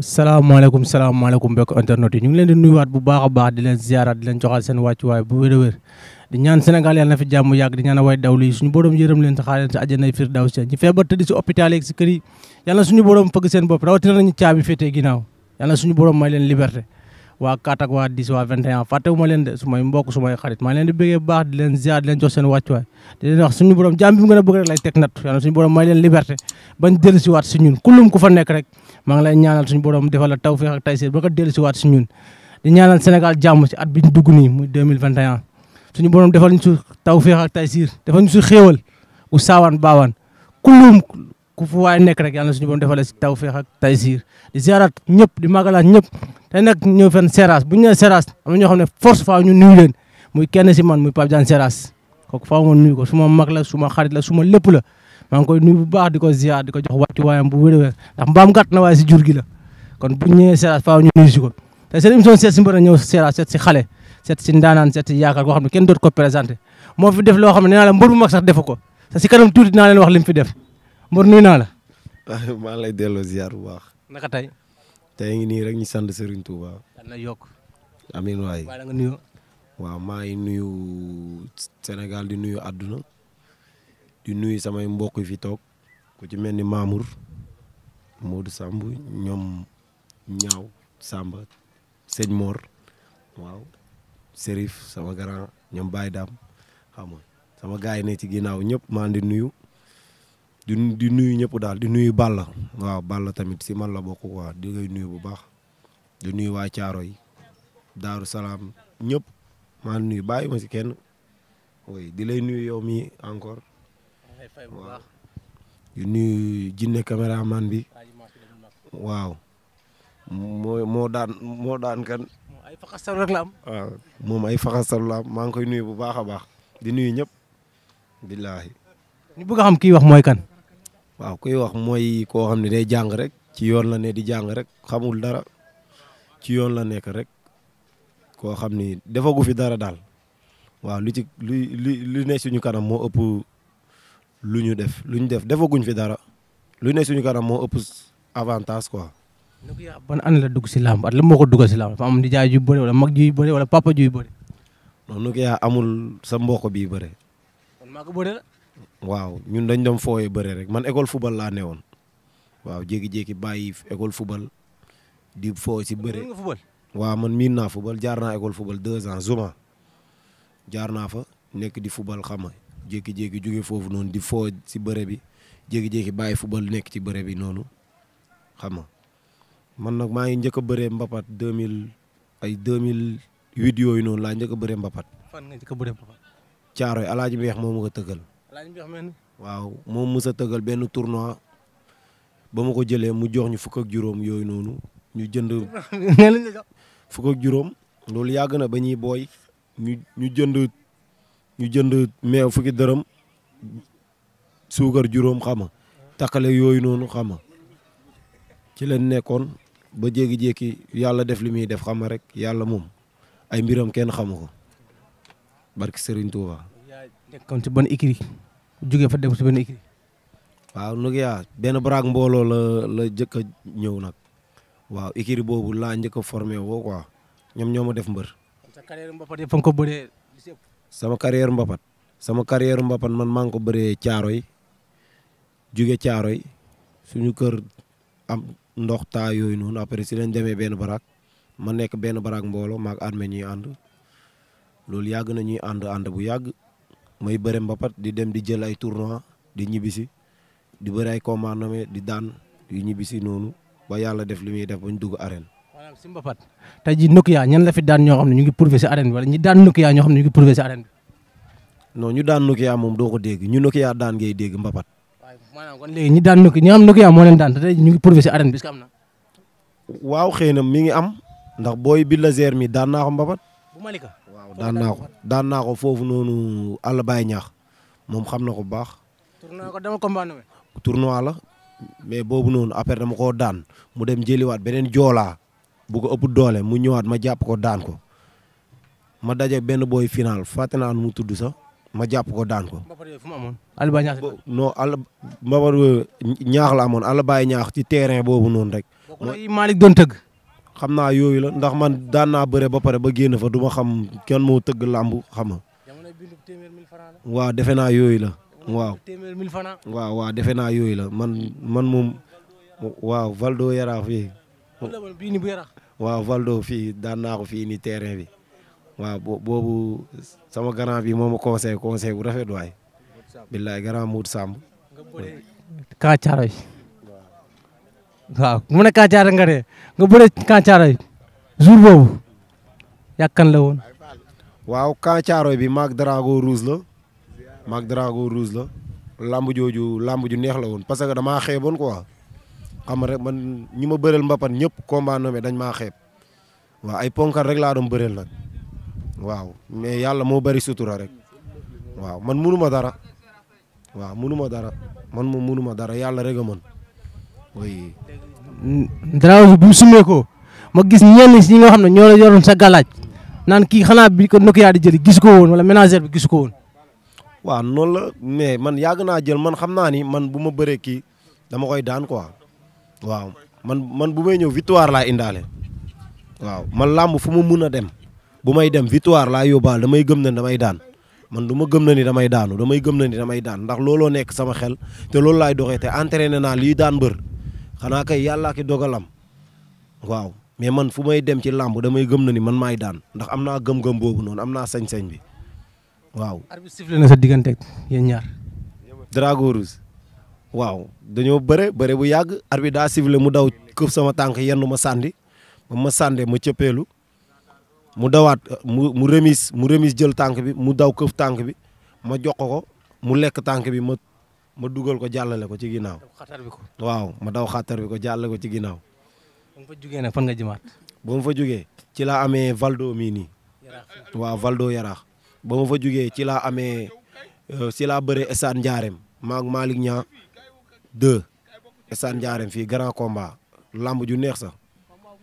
salaamaaleykum salaamaaleykum mbokk internet yi ñu ngi leen di nuyuwaat bu baax a baax di leen ziaraat di leen joxaat seen wàccuwaay bu wér a wér di ñaan Sénégal yàlla fi jàmm yàgg di ñaan way dawlu suñu borom yërëm leen sa xaar leen sa àjjanay firdawsi ñu feebar tëdd si hôpital yi yàlla suñu suñu borom may leen liberté waa 4 waa 10 waa 21 fàttewu ma leen de su may mbokk su may xarit maa leen di bëggee bu baax di leen ziar maa ngi lay ñaanal suñu boro defal la tawfeex ak tayseer ba nga dellusiwaat si ñun di ñaanal Sénégal jàmm si at bi ñu dugg nii muy 2021 suñu borom defal ñu si tawfeex ak tayseer defal ñu si xéewal u saawaan baawaan kulum ku fu waay nekk rek yàlla na suñu borom defal la si tawfeex ak tayseer di ziaraat ñëpp di màggalaat ñëpp te nag ñëw fenn Seras bu ñu nee Seras ñoo xam ne force faaw ñu nuyu leen muy kenn si man muy Pape Diagne Seras kooku faaw ma nuyu ko suma mag la suma xarit la suma lépp la maa koy nuyu bu baax di ko ziar di ko jox wàccu waayam bu wér-wér ndax mbaam gàtt na waaye si jur gi la kon bu ñëwee Seras faaw ñu nuyu si ko te seet si mbër a ñëw Seras seet si ndaanaan seet si yaakaar koo xam ne kenn doot ko présenté moo fi def loo xam ne nee naa la mbër bu mag sax defu ko te si kanam tuuti dinaa leen wax li mu fi def mbër nuyu naa la maa ngi lay delloo ziar bu baax naka tey tey ngi nii rek ñu sant Serigne Touba na yokk maa ngi nuyu Sénégal di nuyu àdduna di nuyu samay mbokk fi toog ku ci mel ni Mamour Modou Samb ñoom ñaaw Samba sëñ Mor waaw Serif sama grand ñoom Baye Dame sama gars yi ne ci ginnaaw ñëpp maa di nuyu di di nuyu ñëpp daal di nuyu Balla waaw tamit si man la di ngay nuyu bu baax di nuyu waa Caaro yi Daaru Salaam maa nuyu bàyyi di lay nuyu yow mii encore waaw di nuyu jinne caméraman bi waaw moo moo daan moo daan kan. ay faxasal rek la moom ay faxasal la am maa ngi koy nuyu bu baax a baax di nuyu ñëpp billaahi. ñu bëgg a xam kii wax mooy kan. waaw kuy wax mooy koo xam ne day jàng rek ci yoon la ne di jàng rek xamul dara ci yoon la nekk rek koo xam ni defagu fi dara daal waaw lu ne suñu kanam moo ëpp. lu ñu def lu ñu def defaguñ fi dara lu ne suñu kanam moo ëpp avantage quoi. nu ko yaa ban année la dugg si làmb at moo ko duggal si làmb am nijaay ju bëri wala mag juy bëri wala papa juy bëri. non nu ko yaa amul sa mbokk bii bëre. kon maa waaw ñun dañ doon fooyee bëre rek man école football laa ne woon waaw jékki-jékki bàyyi école football di fooy si bëre. waaw man miin naa football jaar naa école football deux ans Zuma jaar naa fa nekk di football xam jékki-jékki jóge foofu noonu di foo si bëre bi jékki-jékki bàyyi football nekk ci bëre bi noonu xam nga man nag maa ngi njëkk a bëree mbapat deux mille ay deux mille huit yooyu noonu laa njëkk a bëree mbapat. fan nga njëkk a bëree mbapat. Caaroy Alaaji Mbeex moo ma ko tëggal. Alaaji Mbeex mel waaw moom mës a tëggal benn tournoi ba ma ko jëlee mu jox ñu fukk ak juróom yooyu noonu ñu jënd. fukk juróom. loolu yàgg na ba booy ñu ñu jënd ñu jënd meew fukki dërëm suukar juróom xama takkale yooyu noonu xama ci la nekkoon ba jékki-jékki yàlla def li muy def xama rek yàlla moom ay mbiram kenn xamu ko barki Serigne Touba. nekkoon ci ban écurie jóge fa dem ci waaw nu yaa benn braak mbooloo la la njëkk a ñëw nag waaw écurie boobu laa njëkk a formé woo quoi ñoom ñoo ma def mbër. sama carrière mbapat sama carrière mbapat man maa ngi ko bëree Caaroy jóge Caaroy suñu kër am ndox taa yooyu noonu après si lañ demee benn baraak ma nekk benn baraak mbooloo maak armée ñuy ànd loolu yàgg na ñuy ànd ànd bu yàgg may bëre mbapat di dem di jël ay tournoi di ñibbisi di bëri ay commandement di daan di ñibbisi noonu ba yàlla def li muy def ba ñu dugg arène maanaam si mbapat tey ji ñan la daan ñoo ne ñu ngi prouvé si arène bi wala ñi daan Nokia ñu ngi prouvé si arène bi moom doo ko dégg ñu ñi daan Nokia ñi am Nokia moo leen daan te tey ñu na waaw xëy na mi ngi am ndax booy bi la mi daan naa ko mbapat bu Malika waaw daan naa ko daan ko foofu noonu àll bàyyi ñaax moom xam na ko bu baax tournoi ko dama combat tournoi la mais boobu noonu après dama koo daan mu dem jëliwaat beneen joolaa bu ko ëpp doole mu ñëwaat ma jàpp ko daan ko ma daje benn booy final fàtte naa nu mu tudd sax ma jàpp ko daan ko. Alba ñaax non Al Mbabar ñaax laa amoon Alla Baye ñaax ci terrain boobu noonu rek. mooy doon tëgg. xam naa yooyu la ndax man daan naa bëre ba pare ba génn fa du ma xam kenn moo tëgg làmb xam nga. waaw defe naa yooyu la. waaw waaw waaw defe naa yooyu la man man moom waaw Valdo Yaraaf yi waaw Valdo fii daan naa ko fii ni terrain bi waaw boobu sama grand bi moom ma conseil conseil bu rafet gara billaay grand Mout Samb Kaacaaroy waaw mu ne Kaacaaroy nga de nga bëre Kaacaaroy jour boobu yàkkan la woon waaw Kaacaaroy bi maag Drago Rouge la maag Drago Rouge la lamb jooju lamb ju neex la woon parce que damaa xeeboon ko xam rek man ñi ma bëreel mbapat ñëpp combat nommé dañ maa xeeb waaw ay ponkal rek laa doon bëreel nag waaw mais yàlla moo bari sutura rek waaw man munu ma dara waaw munu ma dara man moom munu ma dara yàlla rek a mën bu sumee ko ma gis ñenn si ñi nga xam ne ñoo la sa galaaj naan kii xanaa bi ko nokk yaa di jëli gis ko woon wala ménagère bi gis ko woon. waaw noonu la mais man yàgg naa jël man xam naa ni man bu ma bëree kii dama koy daan quoi. waaw man man bu may ñëw victoire laa indaale waaw man làmb fu ma mun a dem bu may dem victoire laa yóbbaale damay gëm na damay daan man du ma gëm na ni damay daanu damay gëm na ni damay daan ndax looloo nekk sama xel te loolu laay doxee te entraîné naa lii daan mbër xanaa kay yàllaa ki dogalam waaw mais man fu may dem ci làmb damay gëm na ni man maay daan ndax am naa gëm-gëm boobu noonu am naa sañ-sañ bi waaw. arbitre na sa digganteeg yéen waaw dañoo bëre bëre bu yàgg arbitre daa sifflé mu daw këf sama tànk yenn ma sàndi ba ma sande ma cëppeelu mu dawaat mu mu remise mu remise jël tànk bi mu daw këf tànk bi ma jox ko mu lekk tànk bi ma ma dugal ko jàllale ko ci ginnaaw. waaw ma daw xàttar bi ko jàllale ko ci ginnaaw. ba mu fa jugee nag fan nga jëmaat. ba mu fa jugee ci laa amee Valdo mii nii. waaw Valdo yaraax ba ma fa jugee ci laa amee euh, ci laa bëree Esane Ndiarème maag Malick deux stade Ndiarème fii grand combat lamb ju neex sa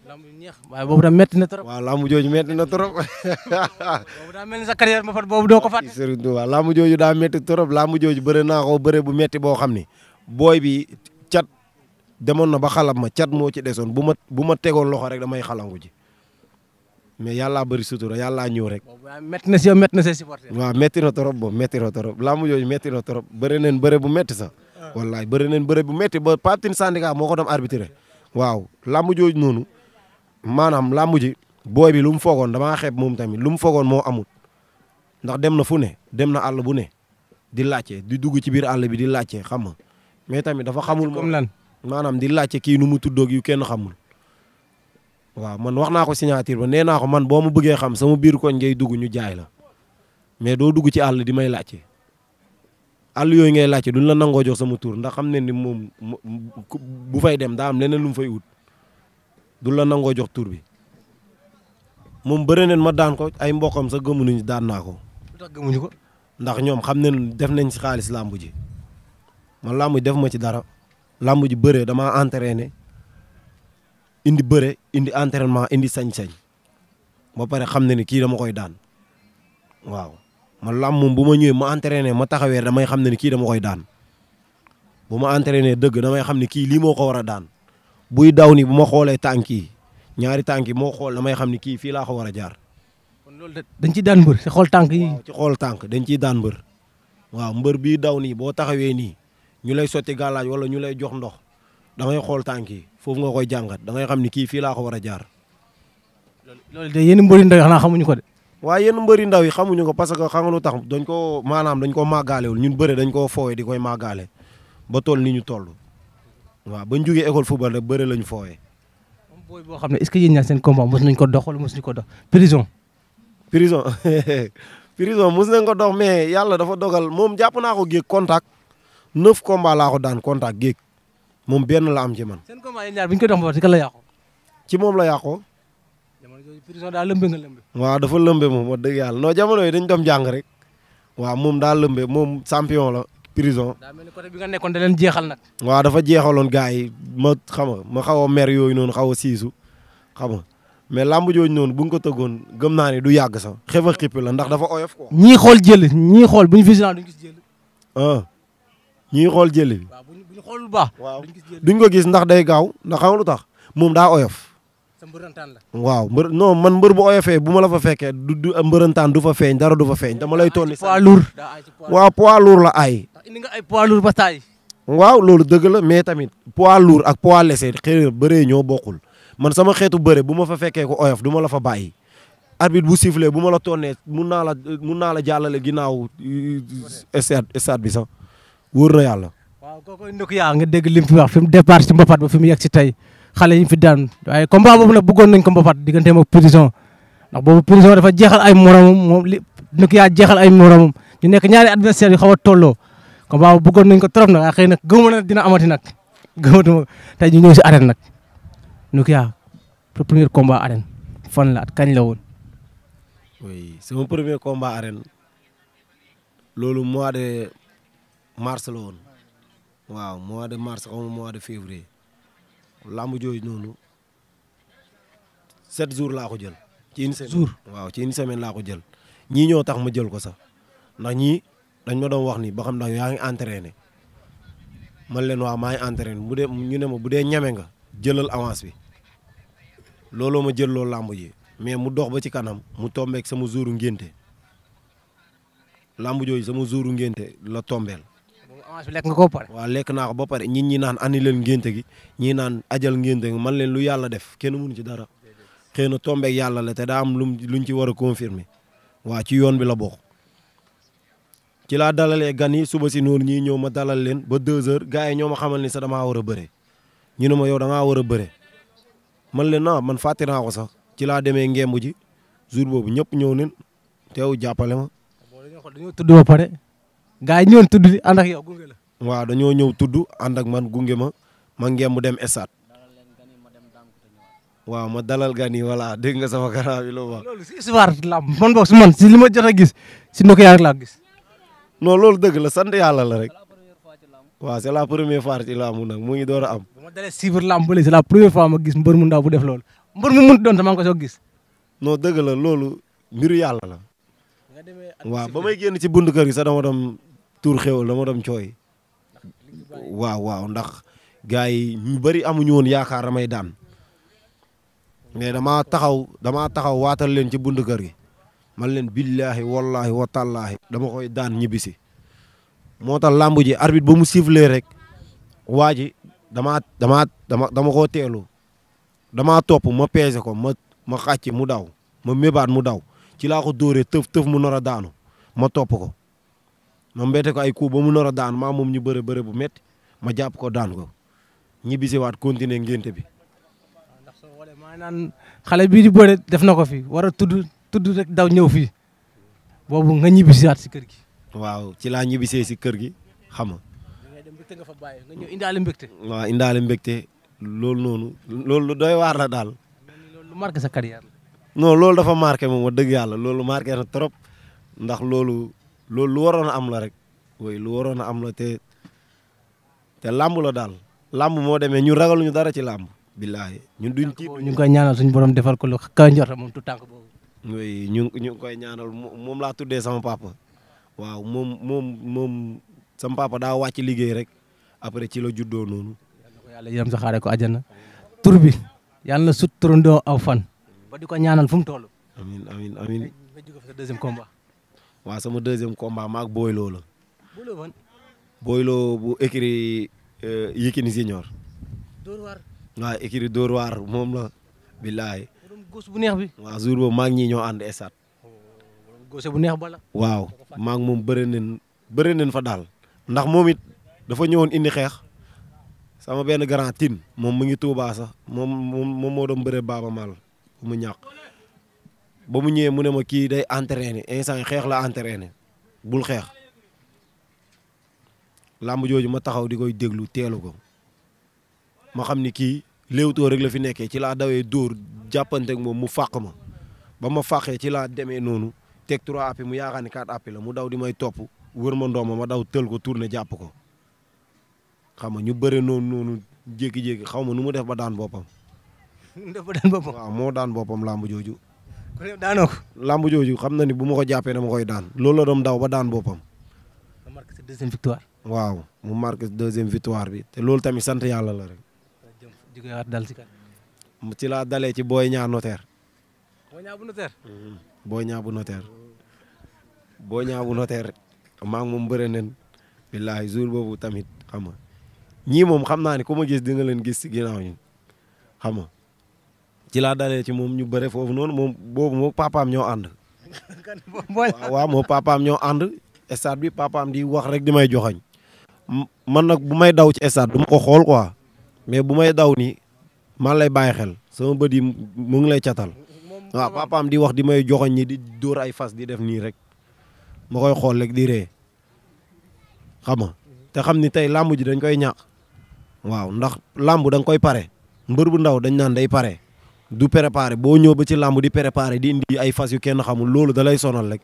lamb ju neex waaye boobu tam metti na trop. waaw lamb jooju métti na trop. boobu daa mel ni sa carrière boobu doo ko fàtte. Serigne Touba lamb jooju daa métti trop lamb jooju bëre naa ko bëre bu métti boo xam ni booy bi cat demoon na ba xalam ma cat moo ci desoon bu ma bu ma tegoon loxo rek damay xalangu ji. mais yàllaa bëri sutura yàllaa ñëw rek. waaw métti na si yow métti na say supporter. waaw métti na trop boobu métti na trop lamb jooju métti na trop bëre neen bëre bu métti sa wallaay bëri nañ bëri bu métti ba Pape Tine syndicat moo ko doon arbitré waaw làmb jooju noonu maanaam làmb ji booy bi lu mu foogoon damaa xeeb moom tamit lu mu foogoon moo amul ndax dem na fu ne dem na àll bu ne di laajte di dugg ci biir àll bi di laajte xam nga mais tamit dafa xamul. moom lan maanaam di laajte kii nu mu tuddoog yu kenn xamul. waaw man wax naa ko signature ba nee naa ko man boo mu bëggee xam sama biir koñ ngay dugg ñu jaay la mais doo dugg ci àll di may laajte. àll yooyu ngay laajte duñ la nangoo jox sama tur ndax xam ne ni moom bu fay dem daa am leneen lu mu fay ut duñ la nangoo jox tur bi moom bëri neen ma daan ko ay mbokkam sa gëmuñu daan naa ko. tax gëmuñu ko. ndax ñoom xam ne def nañ si xaalis làmb ji man làmb def ma ci dara làmb ji bëree damaa entraîné indi bëre indi entraînement indi sañ-sañ ba pare xam ne ni kii dama koy daan waaw. ma làmb moom bu ma ñëwee ma entraîné ma taxawee damay xam ne ni kii dama koy daan bu ma entraîné dëgg damay xam ne kii lii moo ko war a daan buy daw ni bu ma xoolee tànk yi ñaari tànk yi moo xool damay xam ne kii fii laa ko war a jaar. kon loolu dañ ciy daan mbër ci xool tànk yi. ci xool tànk dañ ciy daan mbër. waaw mbër bii daw nii boo taxawee nii ñu lay sotti gàllaaj wala ñu lay jox ndox da xool tànk yi foofu nga koy jàngat da xam ne kii fii laa ko war a jaar. waaye yenn mbëri ndaw yi xamuñu ko parce que xam nga lu tax dañ ko maanaam dañ ko màggaalewul ñun bëre dañ koo foowe di koy màggaale ba toll ni ñu toll waaw bañ jógee école football rek bëre lañu foowe booy boo xam ne est-ce que yéen ñaa seen combat mos nañ ko dox wala mos nañ ko dox prison prison prison mos nañ ko dox mais yàlla dafa dogal moom jàpp naa ko géeg contact neuf combat laa ko daan contact géeg moom benn la am man seen combat yéen ñaar bu ko dox ci kan la yàqoo ci moom la yàqoo prison daa lëmbe nga lëmbe. waaw dafa lëmbe moom wax dëgg yàlla non jamono yi dañ doon jàng rek waaw moom daa lëmbe moom champion la prison. daa mel ni côté bi nga nekkoon da leen jeexal nag. waaw dafa jeexaloon gars yi ma xam nga ma xaw a mer yooyu noonu xaw a siisu xam nga mais làmb jooju noonu bu ñu ko tëggoon gëm naa ne du yàgg sax xew a xippi la ndax dafa oyof quoi. ñii xool jëli ñii xool bu ñu vigilant duñ gis jëli. ah ñii xool jëli. waaw bu ñu xool bu baax. duñ ko gis ndax day gaaw ndax xam nga lu tax moom daa oyof waaw mbër non man mbër bu oyofee bu ma la fa fekkee du du mbërëntaan du fa feeñ dara du fa feeñ dama lay tonni poids lourd waaw poids lourd la ay nga ay poids lourd ba taay waaw loolu dëgg la mais tamit poids lourd ak poids léger xëy na man sama xeetu bëre bu ma fa fekkee ko oyof du ma la fa bàyyi bu sifflé bu ma la tonnee mun naa la mun naa la jàllale ginnaaw euh, stade stade bi nga dégg li fi wax fi mu départ ci mbapat ba fi mu yegg si tey xale yi fi daan waaye combat boobu nag bëggoon nañ ko mbapat digganteem ak prison ndax boobu prison dafa jeexal ay moromam moom li nuk yaa jeexal ay moromam ñu nekk ñaari adversaire yu xaw a tolloo combat boobu bëggoon nañ ko trop nag waaye xëy nag gëmuma dina amati nag gëmatuma tey ñu ñëw si arène nag nuk yaa premier combat fan la at kañ la woon oui sama mois de mars la woon waaw mois de mars xaw mois de février làmb jooju noonu sept jours laa ko jël. ci une semaine jour waaw ci une semaine laa ko jël. ñii ñoo tax ma jël ko sax ndax ñii dañ ma doon wax ni ba xam ndax yaa ngi entraîné man leen waa maa ngi entraîné bu dee ñu ne ma bu dee ñeme nga jëlal avance bi looloo ma jël loolu làmb ji mais mu dox ba ci kanam mu tombeek sama jouru ngénte làmb jooju sama jouru ngénte la tombeel waa bi lekk ko pare. waaw lekk naa ko ba pare ñit ñi naan ani leen ngénte gi ñi naan ajal ngénte gi man leen lu yàlla def kenn munu ci dara xëy na tombeek yàlla la te daa am lu luñ ci war a confirmer waa ci yoon bi la bokk. ci laa dalale gan suba si noonu ñii ñëw ma dalal leen ba deux heures gars yi ñoo ma xamal ni sa damaa war a bëre ñu ne ma yow da ngaa war a bëre man leen man fàtte naa ko sax ci laa demee ngemb ji jour boobu ñëpp ñëw nañ teew jàppale ma. ba pare. gaa yi ñëwoon tudd ànd ak yow dañoo ñëw tudd ànd ak man gunge ma ma ngeen mu dem Esat. waa ma dalal gan yi voilà dégg nga sama garaa bi loo wax. loolu si histoire lamb man boog si man si li ma jot a gis si ndokk yaa laa gis. non loolu dëgg la sant yàlla la rek. waaw c'est la première fois ci lamb nag mu ngi door am. bu ma dalee suivre lamb ba léegi la première fois ma gis mbër mu ndaw bu def loolu mbër mu mënut doon te maa ngi ko soog gis. noo dëgg la loolu mbiru yàlla la. waaw ba may génn ci buntu kër gi sax tuur xéwal dama dem cooy waaw waaw ndax gars yi ñu bëri amuñu woon yaakaar damay daan mais dama taxaw dama taxaw waatal leen ci bunt kër gi man leen billaahi wallaahi watallaahi dama koy daan ñibbisi moo tax làmb ji arbitre ba mu sifflee rek waa ji dama dama dama dama koo teelu damaa topp ma peese ko ma ma xàcc mu daw ma mébaat mu daw ci laa ko dóoree tëf tëf mu nar daanu ma topp ko ma mbete ko ay coup mu nar daan maa moom ñu bëre bëre bu met ma jàpp ko daan ko ñibbisiwaat continuer ngénte bi. Ah, ndax soo xale bii di bëre def na ko fi war a tudd tudd rek daw ñëw fii boobu nga waat si kër gi. waaw ci laa ñibbisee si kër gi xam nga. nga fa bàyyi nga ñëw indaale mbégte. waaw indaale mbégte loolu noonu. loolu lu doy waar la daal. loolu lu marqué sa carrière non loolu dafa marqué moom wax dëgg yàlla loolu marqué na trop ndax loolu loolu lu waroon a am la rek woy lu waroon a am la te te làmb la daal làmb moo demee ñu ñun ñu dara ci làmb billaahi ñun duñ tiit ñu ngi koy ñaanal suñu borom defal ko lu ka moom tu tànk boobu woy ñu ñu ngi koy ñaanal moom laa tuddee sama papa waaw moom moom moom sama papa daa wàcc liggéey rek après ci la juddoo noonu yàlla yërëm sa xaare ko àjjana tur bi yàlla na sut turandoo aw fan ba ko ñaanal fu mu toll amiin amiin amiin nga waaw sama deuxième combat maag Boylo la. Boylo bu écrit euh, Yékini Senior. Dóor waar. waaw moom la. billaay. góos bu neex bi. waaw jour boobu ñii ñoo ànd oh, bu neex ba la. waaw maag moom bëri nañ bëri nañ fa daal. ndax moom it dafa ñëwoon indi xeex. sama benn grand tin moom mu ngi Touba sax moom moom moo doon bëre Baaba Maal mu ñàkk ba mu ñëwee mu ne ma kii day entraîné instant xeex la entraîné bul xeex làmb jooju ma taxaw di koy déglu teelu ko ma xam ni kii léewtoo rek la fi nekkee ci laa dawee dóor jàppante moom mu fàq ma ba ma fàqee ci laa demee noonu teg trois mu yaakaar ni quatre appuis la mu daw di may topp wër ma ndoom ma daw tël ko tourné jàpp ko xam nga ñu bëre noonu noonu jékki xaw ma nu mu def ba daan boppam. dafa daan moo daan boppam làmb jooju. ku ne daanoo làmb jooju xam na ni bu ma ko jàppee dama koy daan loolu doon daw ba daan boppam. mu marqué sa deuxième victoire. waaw mu marqué deuxième victoire bi te loolu tamit sant yàlla la rek. di ko yaat dal ci kan. laa dalee ci booy ñaa notaire. booy ñaa bu notaire. Mm-hmm. booy ñaa bu notaire. booy ñaa bu notaire nen billaahi jour boobu tamit xam nga ñii moom xam naa ne ku ma gis di nga leen gis ci ginnaaw ñun xam ci laa dalee ci moom ñu bëre foofu noonu moom boobu moo papaam ñoo ànd. waaw moom papaam ñoo ànd stade bi papaam di wax rek di may joxañ man nag bu may daw ci stade du ma ko xool quoi mais bu may daw nii man lay bàyyi xel sama bët yi mu ngi lay catal. waaw papaam di wax di may joxoñ ñi di dóor ay fas di def nii rek ma koy xool rek di ree xam nga te xam ni tey làmb ji dañ koy ñàq waaw ndax làmb da nga koy pare mbër bu ndaw dañ naan day pare du préparer boo ñëw ba ci làmb di préparer di indi ay fas yu kenn xamul loolu dalay lay sonal rek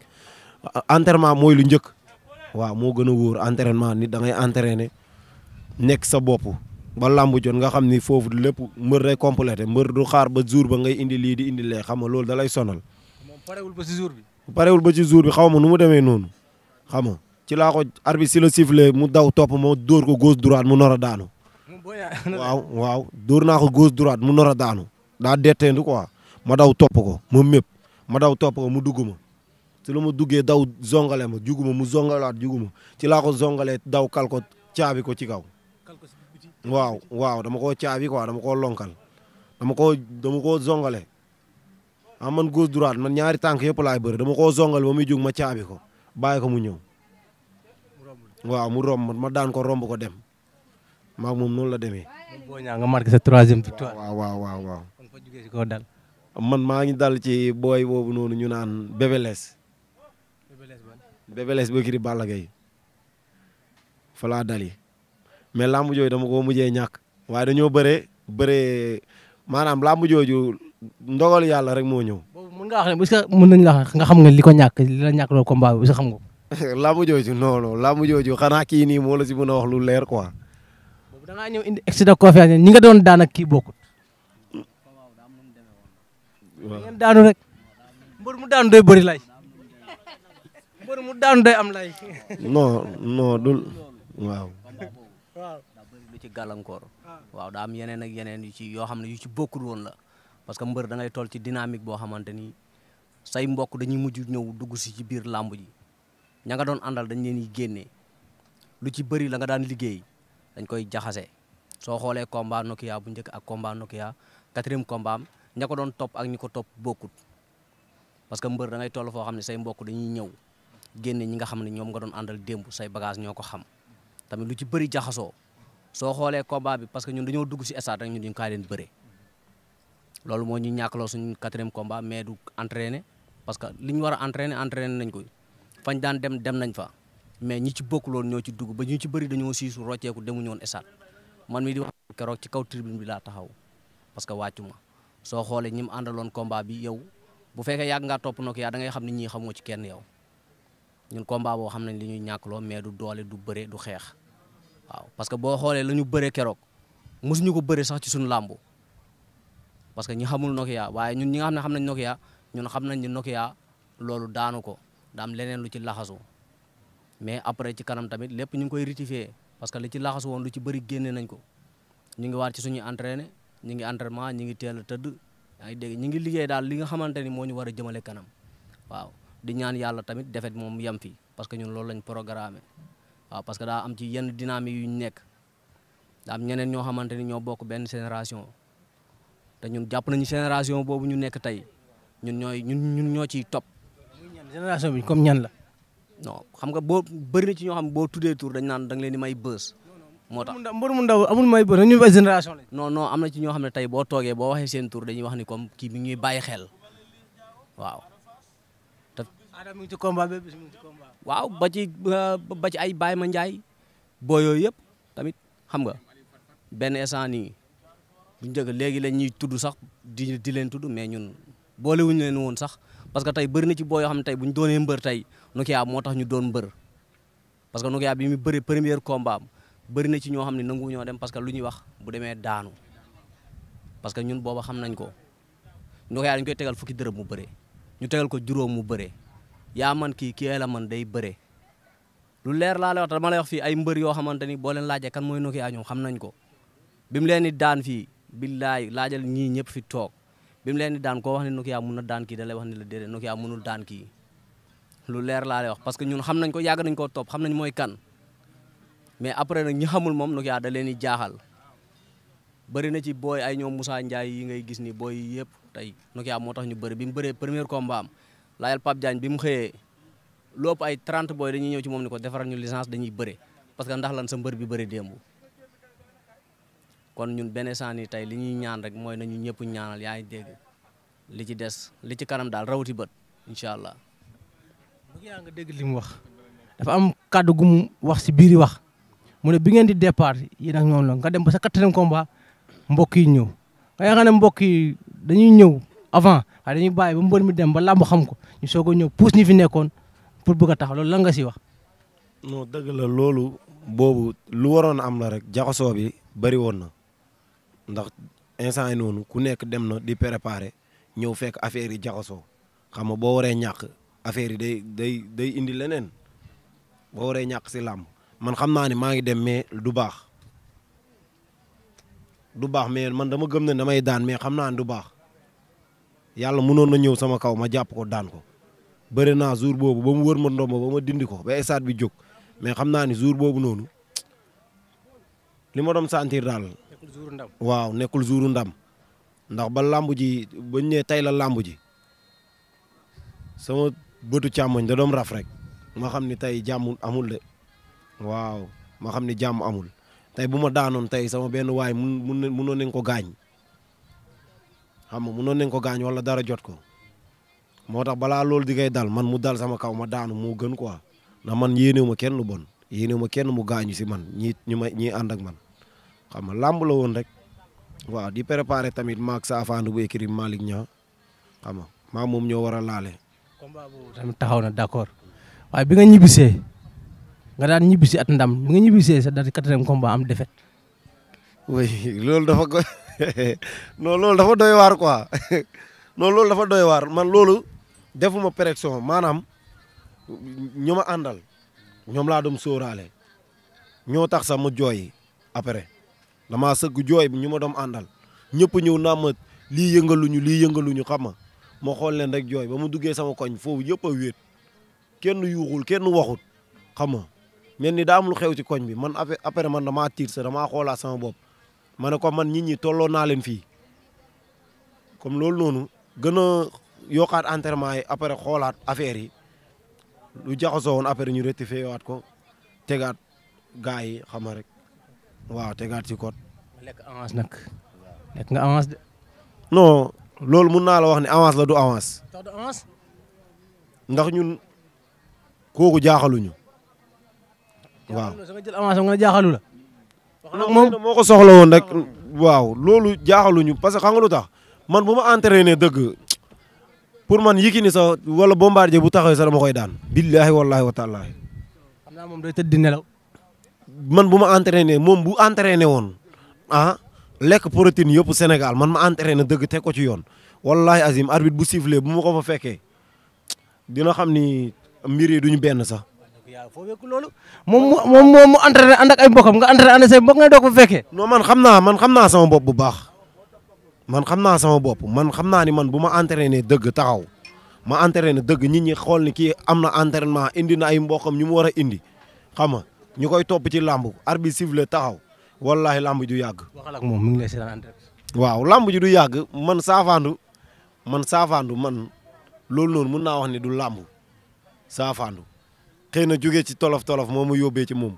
entraînement mooy lu njëkk waaw moo gën a wóor entraînement nit dangay ngay entraîner nekk sa bopp ba làmb jot nga xam ni foofu lépp mbër day complété mbër du xaar ba jour ba ngay indi lii di indi lee xam nga loolu dalay lay sonal. moom parewul ba ci jour bi. parewul ba ci jour bi xaw ma nu mu demee noonu xam nga ci laa ko arbitre si mu daw topp moo dóor ko gauche droite mu nor a daanu. waaw waaw dóor naa ko gauche droite mu nor a daanu. daa detteendu quoi ma daw topp ko ma mépp ma daw topp ko mu dugg ma ci lu ma duggee daw zongale ma jugu ma mu zongalaat jugu ma ci laa ko zongalee daw kal ko caabi ko ci kaw waaw waaw dama koo caabi quoi dama koo lonkal dama koo dama koo zongale ah man gauche droite man ñaari tànk yëpp laay bëri dama koo zongal ba muy jug ma caabi ko bàyyi ko mu ñëw waaw mu romb ma daan ko romb ko dem maag moom noonu la demee. boo ñaa nga marqué sa troisième victoire. waaw waaw waaw. jugee si koo dal. man maa ngi dal ci booy boobu noonu ñu naan bébélees. bébélees man bébélees ba kii di Balla Gaye fa laa dali mais làmb jooju dama ko muje ñàkk waaye dañoo bëree bëree maanaam làmb jooju ndogal yàlla rek moo ñëw. boobu mën ngaa wax ne est-ce que nañ la nga xam nga li ko ñàkk li la ñàkk loolu combat bi est-ce que xam nga ko. làmb jooju non non làmb jooju xanaa kii nii moo a wax lu leer quoi. doon daan ak kii bokkul. ngeen daanu rek mbër mu daanu day bëri lay mbër mu daanu day am lay non non dul waaw daa bëri ci gàllankoor waaw daa am yeneen ak yeneen yoo xam ne yu ci bokkul woon la parce que mbër da ngay toll ci dynamique boo xamante ni say mbokk dañuy mujj ñëw dugg si ci biir làmb ji ña nga doon àndal dañ leen di génne lu ci bëri la nga daan liggéey dañ koy jaxase soo xoolee combat Nokia bu njëkk ak combat Nokia quatrième combat am ña ko doon topp ak ñi ko topp bokkut parce que mbër da ngay toll foo xam ne say mbokk dañuy ñëw génne ñi nga xam ne ñoom nga doon àndal démb say bagage ñoo ko xam tamit lu ci bëri jaxasoo soo xoolee combat bi que ñun dañoo dugg si stade rek ñun dañu kaa leen bëre loolu moo ñu ñàkkloo suñu quatrième combat mais du entraîné parce que li ñu war a entraîné entraîné nañ ko fañ daan dem dem nañ fa mais ñi ci bokk ñoo ci dugg ba ñu ci bëri dañoo siisu rocceeku demuñu woon stade man mi di wax keroog ci kaw tribune bi laa taxaw parce que wàccu ma soo xoolee ñi mu àndaloon combat bi yow bu fekkee yàgg ngaa topp Nokia da ngay xam ne ñii xamoo ci kenn yow ñun combat boo xam nañ li ñuy ñàkkloo mais du doole du bëre du xeex waaw parce que boo xoolee la ñu bëree keroog mosuñu ko bëre sax ci suñu làmbu parce que ñi xamul Nokia waaye ñun ñi nga xam ne xam nañ Nokia ñun xam nañ ni Nokia loolu daanu ko daam leneen lu ci laxasu mais après ci kanam tamit lépp ñu ngi koy rectifier parce que li ci laxasu woon lu ci bëri génnee nañ ko ñu ngi waat ci suñuy entraîné ñi ngi entraînement ñi ngi teel a tëdd yaa ngi dégg ñi ngi liggéey daal li nga xamante ni ñu war a jëmale waaw di ñaan yàlla tamit defet moom yem fi parce que ñun loolu lañ programmé parce que daa am ci yenn dynamique yu nekk daa ñeneen ñoo xamante ni ñoo bokk benn génération te ñun jàpp nañu génération boobu ñu nekk tey ñun ñooy ñun ñun ñoo ciy topp. génération bi comme ñan la. non xam nga boo bëri na ci ñoo xam boo tuddee tur dañ naan da leen di may bës. moo tax mbër mu ndaw amul may bëre ñu ba génération la non non am na ci ñoo xam ne tey boo toogee boo waxee seen tur dañuy wax ni kom kii bi ñuy bàyyi xel waaw te mi ngi ci combat bi bis mi ngi waaw ba ba ay Baye Ma Ndiaye boo yooyu yëpp tamit xam nga benn instant nii bu njëkk léegi la ñuy tudd sax di di leen tudd mais ñun boolewuñu leen woon sax parce que tey bëri na ci boo yoo xam ne tey bu ñu doonee mbër tey Nokia moo tax ñu doon mbër parce que Nokia bi mu bëri premier combat bëri na ci ñoo xam ne nangu dem parce que lu ñuy wax bu demee daanu parce que ñun booba xam nañ ko ndox yaa koy tegal fukki dërëm mu bëree ñu tegal ko juróom mu bëre yaa man kii kii la man day bëre lu leer laa lay wax dama lay wax fii ay mbër yoo xamante ni boo leen laajee mooy Nokia ñoom xam nañ ko mu leen di daan fii billaay laajal ñii ñëpp fi toog bi mu leen di daan ko wax ne Nokia mun na daan kii da lay wax ne la déedéet Nokia munul daan kii lu leer laa lay wax parce que ñun xam nañ ko yàgg nañ ko topp xam nañ mooy kan mais après na ñi xamul moom Nokia da leen di jaaxal bëri na ci booy ay ñoom Moussa Ndiaye yi ngay gis ni booy yëpp tey Nokia moo tax ñu bëri bi mu bëree premier combat am laajal Pape jaañ bi mu xëyee lopp ay 30 booy dañuy ñëw ci moom ni ko defaral ñu licence dañuy bëre parce que ndax lan sa mbër bi bëri démb kon ñun benn saa ni tey li ñuy ñaan rek mooy nañu ñëpp ñaanal yaa ngi dégg ci des li ci kanam daal rawati bët allah. yaa nga dégg li wax dafa am kàddu gu wax si biir i wax. mu ne bi ngeen i départ yéen ak ñoom la nga dem ba sa quatrième combat mbokk yi ñëw nga yaakaar ne mbokk yi dañuy ñëw avant waaye dañuy bàyyi ba mbër mi dem ba làmb xam ko ñu soog a ñëw puus ñi fi nekkoon pour bëgg tax loolu lan nga si wax. non dëgg loolu boobu lu waroon am la rek jaxasoo bi bëri woon na ndax instant yi noonu ku nekk dem na di préparer ñëw fekk affaire yi jaxasoo xam nga boo waree ñàkk affaire yi day day day indi leneen boo waree ñàkk si làmb man xam naa ne maa ngi dem mais du baax du baax ma man dama gëm ne damay daan mais xam naa ne du baax yàlla mënoon na ñëw sama kaw ma jàpp ko daan ko bëri naa jour boobu ba mu wër ma ndomba ba ma dindi ko ba estade bi jóg mais xam naa ni jour boobu noonu li ma doon sentir daal. nekkul jouru ndam waaw nekkul jouru ndam ndax ba làmb ji ba ñu nee tey la làmb ji sama bëtu càmmoñ da doon raf rek ma xam ni tey jàmm amul de. waaw ma xam ne jàmm amul tey bu ma daanoon tey sama benn waay mun munoon nañ ko gaañ xam nga noon nañ ko gaañ wala dara jot ko moo tax balaa loolu di kay dal man mu dal sama kaw ma daanu moo gën quoi ndax man yéenewu ma kenn lu bon yéenewu ma kenn mu gaañu si man ñi ñu ma ñii ànd ak man xam nga làmb la woon rek waaw di préparer tamit maag saafaandu bu écrit Malick Niang xam maa moom ñoo war a laale. combat tamit taxaw na d'accord waaye bi ñibbisee nga daan ñibbisi at ndam bi nga ñibbisee sa date quatrième combat am défaite. oui loolu dafa ko non loolu dafa doy waar quoi non loolu dafa doy waar man loolu defuma pression maanaam ñu ma àndal ñoom laa doon sóoraale ñoo tax sax ma jooy après damaa sëgg jooy bi ñu ma doon àndal ñëpp ñëw naa ma lii yëngaluñu lii yëngaluñu xam ma ma xool leen rek jooy ba mu duggee sama koñ foofu yëpp a wéet kenn yuuxul kenn waxut xam ma mel ni daa lu xew ci koñ bi man après man damaa tiir sa damaa xoolaat sama bopp ma ne ko man nit ñi tolloo naa leen fii comme loolu noonu gën a yokkaat entraînement yi après xoolaat affaire yi lu jaxasoo woon après ñu rectifié waat ko tegaat gars yi xam rek waaw tegaat ci code. lekk avance nag lekk nga avance de. non loolu mun naa la wax ne avance la du avance. tax ndax ñun kooku jaaxaluñu. waaw sa nga jël avance nga jaaxalu la moom moo ko soxla woon rek waaw loolu jaaxaluñu parce que xam nga lu tax man bu ma entraîné dëgg pour man Yékini sa wala Bombardier bu taxawee sax dama koy daan billaahi wallaahi wa taalaahi xam naa moom day tëdd di nelaw man bu ma entraîné moom bu entraîné woon ah lekk protéine yëpp senegal man ma entraîné dëgg teg ko ci yoon wallaahi azim arbitre bu sifflé bu ma ko fa fekkee dina xam ni mbir yi duñu benn sax foo fekk loolu moom moom moom mu entraîné ànd ak ay mbokam nga entraîné ànd ak say mbokk nga doog ko fekkee non man xam naa man xam naa sama bopp bu baax man xam naa sama bopp man xam naa ni man bu ma entraîné dëgg taxaw ma entraîné dëgg nit ñi xool ni kii am na entraînement indi na ay mbokam ñu mu war a indi xam nga ñu koy topp ci làmb arbitre sifflé taxaw wallahi làmb ju yàgg waxal moom mi ngi lay seetaan waaw làmb ji du yàgg man saafaandu man saafaandu man loolu noonu mun naa wax ne du làmb saafaandu xëy na jógee ci tolof tolof moo ma yóbbee ci moom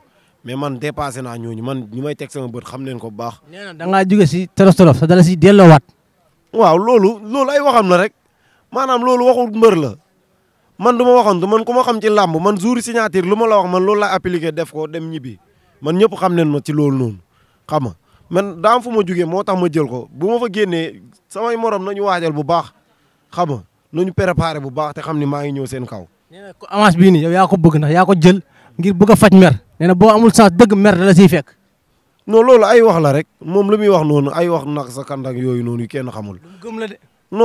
mais man dépassé naa ñooñu man ñu may teg sama bët xam leen ko bu baax. nee na da ngaa jóge si tolof tolof sa dala si delloowaat. waaw loolu loolu ay waxam la rek maanaam loolu waxul mbër la man du ma waxantu man ku ma xam ci làmb man jour signature lu ma la wax man loolu laa appliqué def ko dem ñibbi man ñëpp xam nen ma ci loolu noonu xam nga man daam fu ma jugee moo tax ma jël ko bu ma fa génnee samay morom nañu waajal bu baax xam nga nañu préparé bu baax te xam ni maa ngi ñëw seen kaw. nee na bii nii yow yaa ko bëgg ndax yaa ko jël ngir bëgg faj mer nee boo amul chance dëgg mer da la siy fekk non loolu ay wax la rek moom lu muy wax noonu ay wax nag sa yooyu noonu kenn xamul gëm la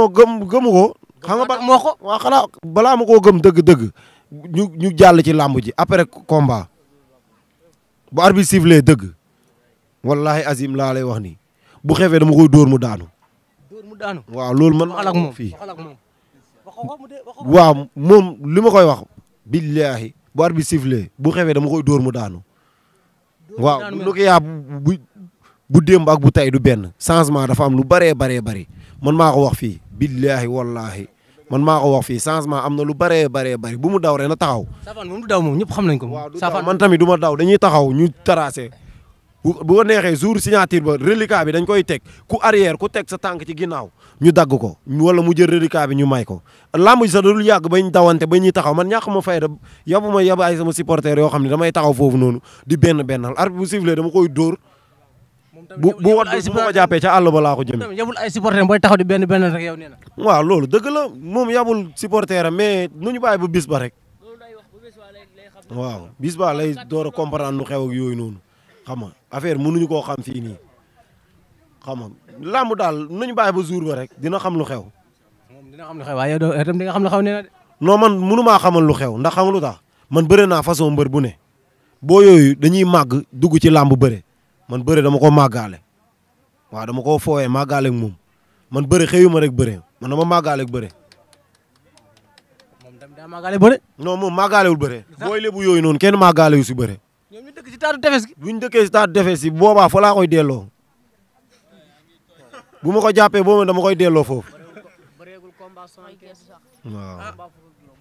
gëm gëmu ko xam nga ba moo ko waa xanaa balaa ma koo gëm dëgg-dëgg ñu ñu jàll ci làmb ji après combat bu arbitre sifflé dëgg wallahi azim laa lay wax ni bu xefee dama koy dóor mu daanu dóor mu daanu waaw loolu man fii waaw moom li ma koy wax. billaahi bu arbitre bi sifflé bu xewee dama koy dóor mu daanu. waaw lu ko yaa bu bu démb ak bu tey du benn changement dafa am lu bëree baree bëri man maa ko wax fii billaahi wallaahi man maa ko wax fii changement am na lu bare baree bëri bu mu daw rek na taxaw. Safaan moom du daw moom ñëpp xam nañ ko. du ma daw dañuy taxaw ñu tracé. bu bu neexee jour signature ba reliquat bi dañ koy teg ku arrière ku teg sa tànk ci ginnaaw ñu dagg ko wala mu jël reliquat bi ñu may ko. làmb ji sax dul yàgg bañ dawante ba ñuy taxaw man ñàkk ma fayda yabu ma yabu ay sama supporters yoo xam ne damay taxaw foofu noonu di benn bennal arbitre bu sifflé dama koy dóor. bu bu wat bu ma jàppee ca àll ba laa ko jëmee. yabul ay supporter booy taxaw di benn benn rek yow nee na. waaw loolu dëgg la moom yabul supporter mais nu ñu bàyyi ba bis ba rek. waaw bis ba lay door a comprendre lu xew yooyu noonu. xam nga affaire mënuñu koo xam fii nii xam nga làmb daal nañu ba jour ba rek dina xam lu xew. moom dina xam lu xew di nga xam lu xew nee man mënu xamal lu xew ndax xam lu man bëre naa façon mbër bu ne boo yooyu dañuy màgg dugg ci làmb bëre man bëre dama ko màggaale waaw dama ko foowee màggaale ak moom man bëre xëyu ma rek bëre man dama màggaale ak bëre. moom tamit daa booy lebu yooyu noonu ken màggaale yu si bëre. ñoom ñu dëkk ci taatu tefes gi. bu ñu dëkkee ci taatu tefes gi boobaa fa koy delloo bu ma ko jàppee boobu dama koy delloo foofu. waaw.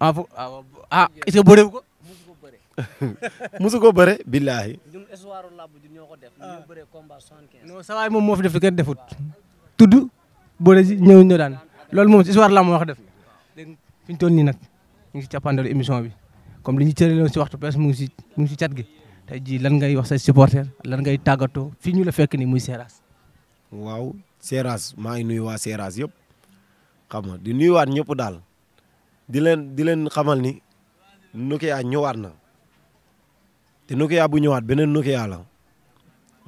ah fo ah, ah, ah est-ce que bëre ko. musu ko bëre billaahi. ñun espoiru làmb ji ko def. Ah. ñu bëre combat 75. non moom moo fi def li kenn defut. tudd bëre ji ñëw ñëw daan loolu moom si espoir làmb moo ko def léegi fi ñu toll nii nag ñu ngi si cappaandalu bi comme li ñu cëralee woon si waxtu presse mu ngi si mu ngi si cat gi. tey jii lan ngay wax sa supporter lan ngay tàggatoo fii ñu la fekk ni muy Seras. waaw seraas maa ngi nuyu waa Seras yëpp xam nga di nuyuwaat ñëpp daal di leen di leen xamal ni Nokia ñëwaat na te Nokia bu ñëwaat beneen Nokia la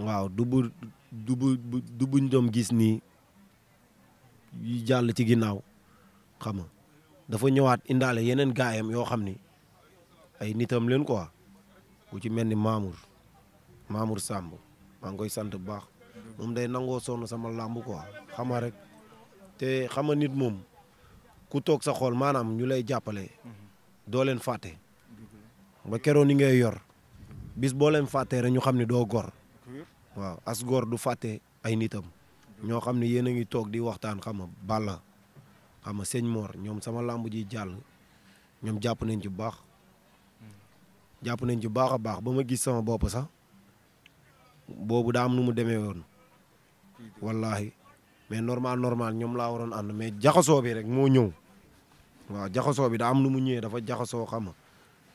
waaw du bu dubu bu doom gis nii yu jàll ci ginnaaw xam nga dafa ñëwaat indaale yeneen gaayam yoo xam ni ay nitam leen quoi. ku ci mel ni Mamour Mamour Samb maa ngi koy sant bu baax moom day nangoo sonn sama làmb ko xama rek te xama nit moom ku toog sa xool maanaam ñu lay jàppale doo leen fàtte ba keroog ni ngay yor bis boo leen fàttee rek ñu xam ne doo gor waaw as gor du fàtte ay nitam ñoo xam ne yéen a ngi toog di waxtaan xam nga Balla xam nga sëñ Mor ñoom sama làmb ji jàll ñoom jàpp nañ ci baax jàpp nañ ci baax a baax ba ma gis sama bopp sax boobu daa am nu mu demee woon wallaahi mais normal normal ñoom laa waroon ànd mais jaxasoo bi rek moo ñëw waaw jaxasoo bi daa am nu mu ñëwee dafa jaxasoo kama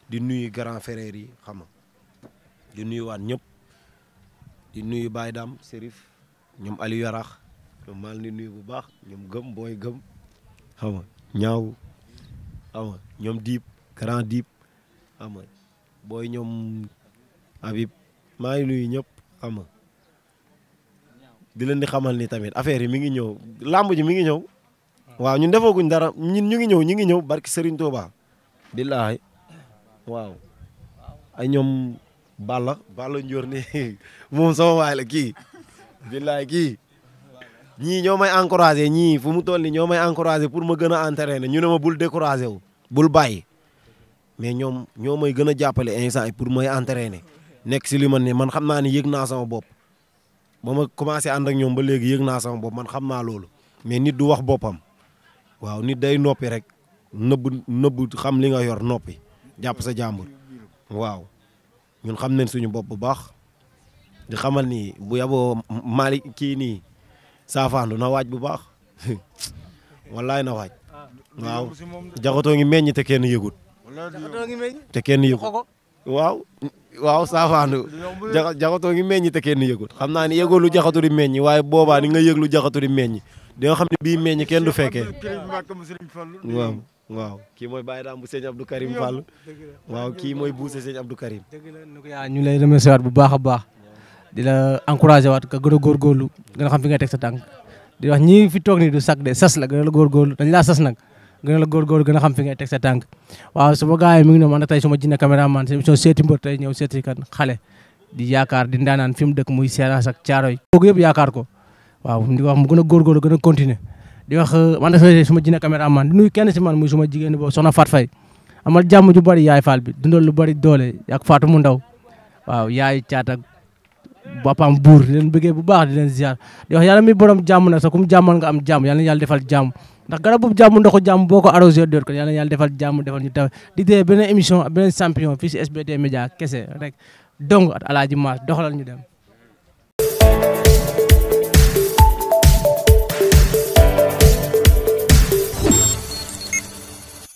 di nuyu grand frère yi xam nga di nuyu waat ñëpp di nuyu Baye daam Serif ñoom Aliou Yarax ñoom maa ngi nuyu bu baax ñoom gëm booy gëm xam nga ñaaw xam nga ñoom diib grand diib bo ñoom Habib maa ngi nuyu ñëpp xam nga di leen di xamal ni tamit affaire yi mi ngi ñëw làmb ji mi ngi ñëw. waaw ñun defaguñ dara ñun ñu ngi ñëw ñu ngi ñëw barki Serigne Touba. billaahi waaw. ay ñoom Balla Balla Ndior ne moom sama waay la kii. billaahi kii ñii ñoo may encouragé ñii fu mu toll nii ñoo may encouragé pour ma gën a entraîné ñu ne ma bul découragé wu. bul bàyyi. mais ñoom ñoo may gën a jàppale instant yi pour may entraîner nekk si li man ne man xam naa ni yëg sama bopp ba ma commencé ànd ak ñoom ba léegi yëg naa sama bopp man xam naa loolu mais nit du wax boppam waaw nit day noppi rek nëbb nëbb xam li nga yor noppi jàpp sa jàmbur waaw ñun xam nañ suñu bopp bu baax di xamal ni bu yaboo Mali kii nii saafaandu na waaj bu baax wallaay na waaj ah, waaw jaxatoo ngi meññ te kenn yëgut te kenn yëgut waaw waaw saafaandu jaxatoo ngi meññi te kenn yëgut xam naa ni yëgoo lu jaxatu di meññi waaye boobaa ni nga yëg lu jaxatu di meññi xam ne bii meññi kenn du fekkee waaw waaw kii mooy Baye Dame bu sëñ Abdou Karim Fall waaw kii mooy buuse sëñ Abdou Karim ñu lay remercier waat bu baax a baax di la encouragé waat nga gën a góorgóorlu gën a xam fi nga teg sa tànk di wax ñi fi toog nii du sac de sas la gën a la lu dañ laa sas nag gën a la góorgóorlu gën a xam fi ngay teg sa tànk waaw sama gars yi mi ngi noonu man nag tey suma jinne caméraman seen émission seeti mbër tey ñëw seeti kan xale di yaakaar di ndaanaan fi mu dëkk muy Seras ak Caaroy kooku yëpp yaakaar ko waaw di wax mu gën a góorgóorlu gën a continuer di wax euh, man nag suma jinne caméraman di nuyu kenn si man muy suma jigéen boobu soxna Fatou Faye amal jàmm ju bari yaay Fall bi dundal bari doole ak Fatou mu waaw yaay caat bapam buur di leen bëggee bu baax di leen ziar di wax mi borom jàmm nag sax kum jàmmal nga am jàmm yàlla na yàlla defal jàmm ndax garab boobu jàmm ndoxu jàmm boo ko arrosé doot ko yàlla na yàlla defal jàmm defal ñu taw di dee beneen émission beneen champion fii si SBT Média kese rek donc Aladji Mass doxalal ñu dem